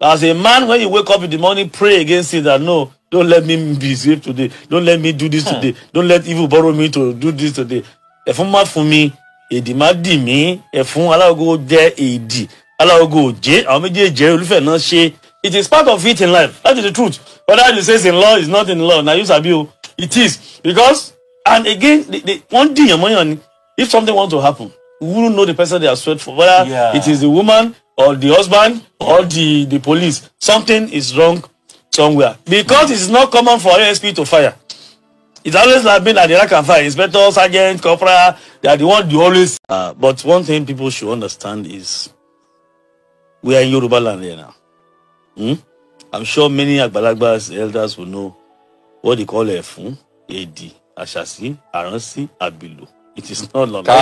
As a man, when you wake up in the morning, pray against it that no, don't let me be saved today. Don't let me do this huh. Hmm. today. Don't let evil borrow me to do this today. Ẹ̀fún má fún mi, èdè má dì mí, ẹ̀fún aláwògo jẹ́ èdè, aláwògo j àwọn méjèèjì olúfẹ̀ náà ṣe. It is part of it in life. That is the truth. Whatever you say it's in law, is not in law. Now you sabio, It is because and again, the one thing dìyàn mọ́yàn ni. If something wants to happen, we wouldn't know the person they are sweat for. Whether yeah. it is the woman, or the husband or the the police something is wrong somewhere because it's not common for asp to fire it always like being at the rack and fire. inspector sergeant corporal they are the one you always uh, but one thing people should understand is we are in yoruba land here now hmm? i'm sure many agbalagbas elders will know what they call efun edi asasi aransi Abilu. It is not law. Whatever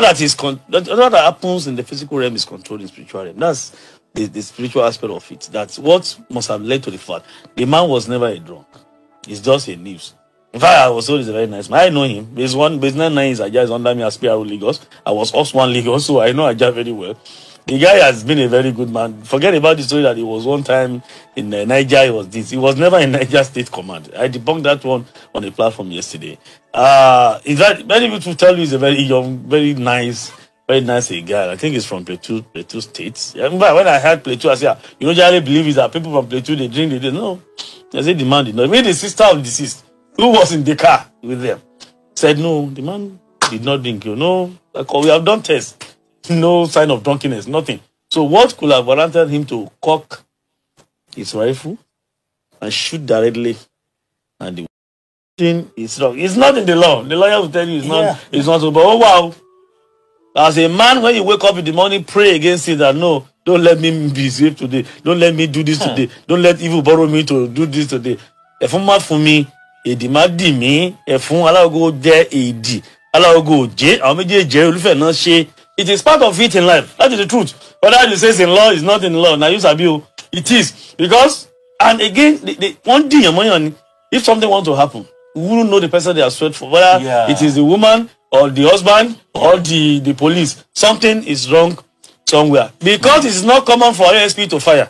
that is, whatever that happens in the physical realm is controlled in spiritual realm. That's the, the spiritual aspect of it. That's what must have led to the fact the man was never a drunk. It's just a news. In fact, I was told a very nice man. I know him. He's one business nine is Aja is under me as PRO Legos. I was also one Legos, so I know Aja very well the guy has been a very good man. Forget about the story that he was one time in uh, Niger. He was this. He was never in Niger State Command. I debunked that one on a platform yesterday. Uh, in fact, many people tell you he's a very young, very nice, very nice guy. I think he's from Plateau, Plateau states. Yeah, when I heard Plateau, I said, ah, you know, generally believe is that people from Plateau they drink. They do no. I said the man did not. Even the sister of the deceased who was in the car with them said, no, the man did not drink. You know, we have done tests. no sign of drunkenness, nothing. So what could have warranted him to cock his rifle and shoot directly And the thing is wrong. It's not in the law. The lawyer will tell you it's yeah. not it's not so but oh wow. As a man, when you wake up in the morning, pray against it that no, don't let me be saved today. Don't let me do this huh. today. Don't let evil borrow me to do this today. Ẹ̀fún má fún mi, èdè má dì a ẹ̀fún aláwògo jẹ́ èdì, aláwògo jẹ́, àwọn méjèèjì olúfẹ̀ náà ṣe it is part of it in life that is the truth whether you say it's in law it's not in law na you sabi o oh, it is because and again the one thing, diyan mọyan ni if something want to happen we wouldn't know the person they are sweat for whether yeah. it is the woman or the husband or the the police something is wrong somewhere because it is not common for asp to fire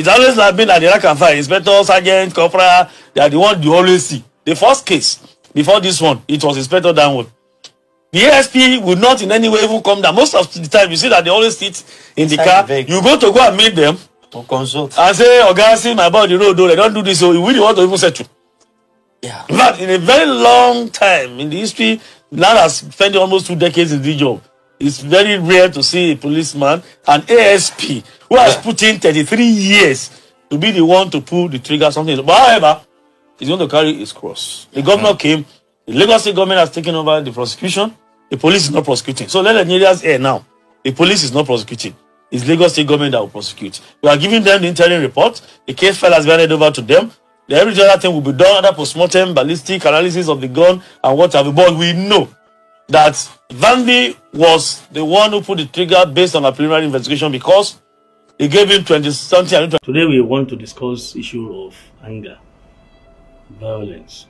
it always like been that the rank and file inspector sergeant corporal they are the one you always see the first case before this one it was inspector downward the ASP will not in any way even come down. Most of the time, you see that they always sit in the car. you go to go and meet them. To consult. And say, Oga, see my body road, no, they don't do this, so we don't want to even settle. Yeah. But in a very long time in the history, now has spent almost two decades in this job. It's very rare to see a policeman, an ASP, who has yeah. put in 33 years to be the one to pull the trigger, something. But however, he's going to carry his cross. The governor mm. came The Lagos State government has taken over the prosecution. The police is not prosecuting. So let the areas air now. The police is not prosecuting. It's Lagos State government that will prosecute. We are giving them the interim report. The case file has been handed over to them. The every other thing will be done under postmortem, ballistic analysis of the gun and what have you. But we know that Vandy was the one who put the trigger based on a preliminary investigation because he gave him 20 something. Today we want to discuss issue of anger, violence,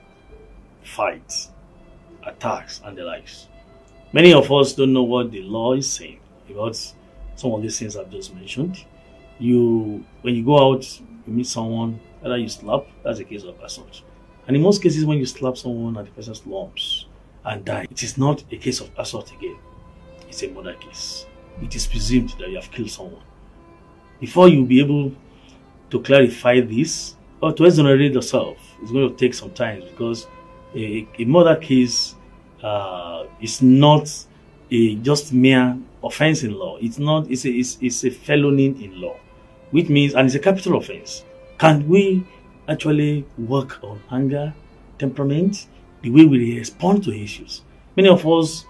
fights, attacks, and the likes. Many of us don't know what the law is saying about some of these things I've just mentioned. You, when you go out, you meet someone, and you slap, that's a case of assault. And in most cases, when you slap someone and the person slumps and dies, it is not a case of assault again. It's a murder case. It is presumed that you have killed someone. Before you be able to clarify this or to exonerate yourself, it's going to take some time because a, a murder case uh, is not a just mere offense in law. It's not. It's a, it's, it's a felony in law, which means and it's a capital offense. Can we actually work on anger, temperament, the way we respond to issues? Many of us,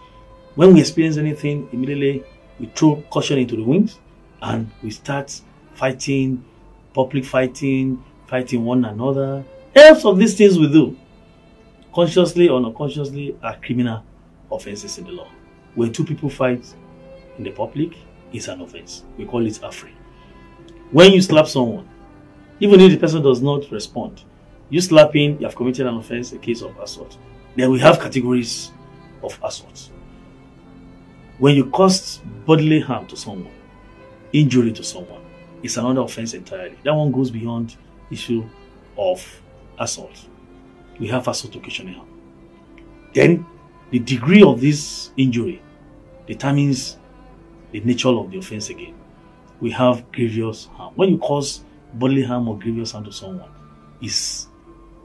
when we experience anything, immediately we throw caution into the wind and we start fighting, public fighting, fighting one another. Else of these things we do consciously or unconsciously are criminal offenses in the law. When two people fight in the public, it's an offense. We call it affray. When you slap someone, even if the person does not respond, you slapping, you have committed an offense, a case of assault. Then we have categories of assault. When you cause bodily harm to someone, injury to someone, it's another offense entirely. That one goes beyond issue of assault we have assault occasional. Then, the degree of this injury determines the nature of the offense again. We have grievous harm. When you cause bodily harm or grievous harm to someone, is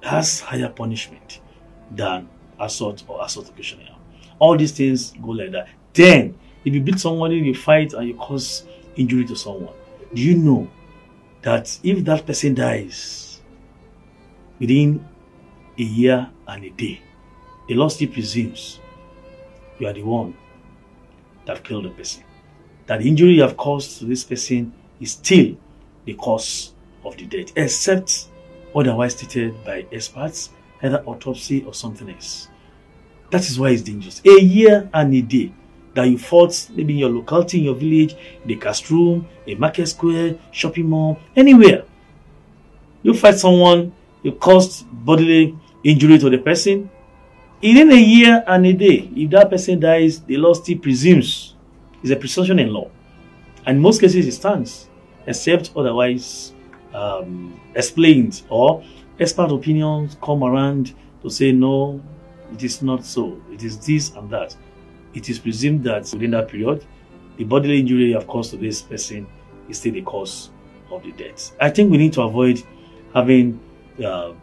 has higher punishment than assault or assault occasional harm. All these things go like that. Then, if you beat someone in a fight and you cause injury to someone, do you know that if that person dies within a year and a day. The Lord still presumes you are the one that killed the person. That the injury you have caused to this person is still the cause of the death, except otherwise stated by experts, either autopsy or something else. That is why it's dangerous. A year and a day that you fought, maybe in your locality, in your village, in the classroom, a market square, shopping mall, anywhere. You fight someone, you caused bodily injury to the person. Within a year and a day, if that person dies, the law still presumes. It's a presumption in law. And in most cases, it stands, except otherwise um, explained or expert opinions come around to say, no, it is not so. It is this and that. It is presumed that within that period, the bodily injury you have caused to this person is still the cause of the death. I think we need to avoid having uh,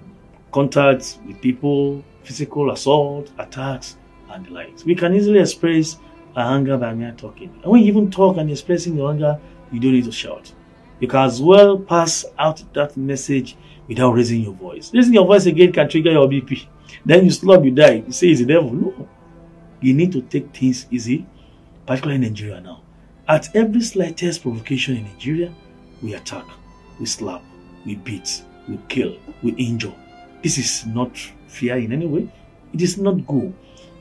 contacts with people, physical assault, attacks, and the likes. We can easily express our anger by mere talking. And when you even talk and expressing your anger, you don't need to shout. You can as well pass out that message without raising your voice. Raising your voice again can trigger your BP. Then you slump, you die. You say it's the devil. No. You need to take things easy, particularly in Nigeria now. At every slightest provocation in Nigeria, we attack, we slap, we beat, we kill, we injure, this is not fair in any way. It is not good.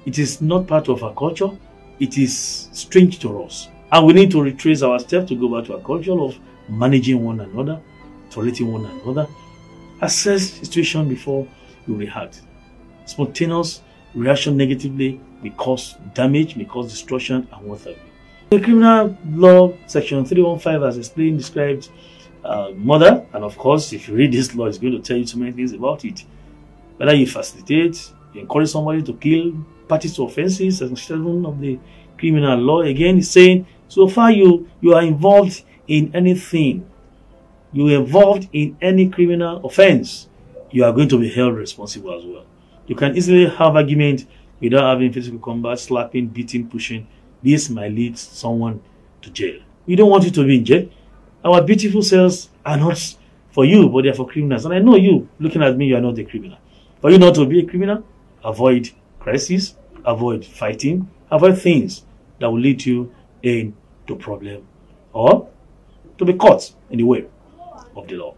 It is not part of our culture. It is strange to us. And we need to retrace our steps to go back to a culture of managing one another, tolerating one another. Assess the situation before you react. Spontaneous reaction negatively may cause damage, may cause destruction, and what have you. The criminal law section 315 as explained described. Uh, mother. And of course, if you read this law, it's going to tell you so many things about it. Whether you facilitate, you encourage somebody to kill, parties to offenses, and 7 of the criminal law, again, it's saying, so far you, you are involved in anything, you are involved in any criminal offense, you are going to be held responsible as well. You can easily have argument without having physical combat, slapping, beating, pushing. This might lead someone to jail. We don't want you to be in jail. Our beautiful cells are not for you, but they are for criminals. And I know you, looking at me, you are not a criminal. For you not to be a criminal, avoid crises, avoid fighting, avoid things that will lead you into problem or to be caught in the way of the law.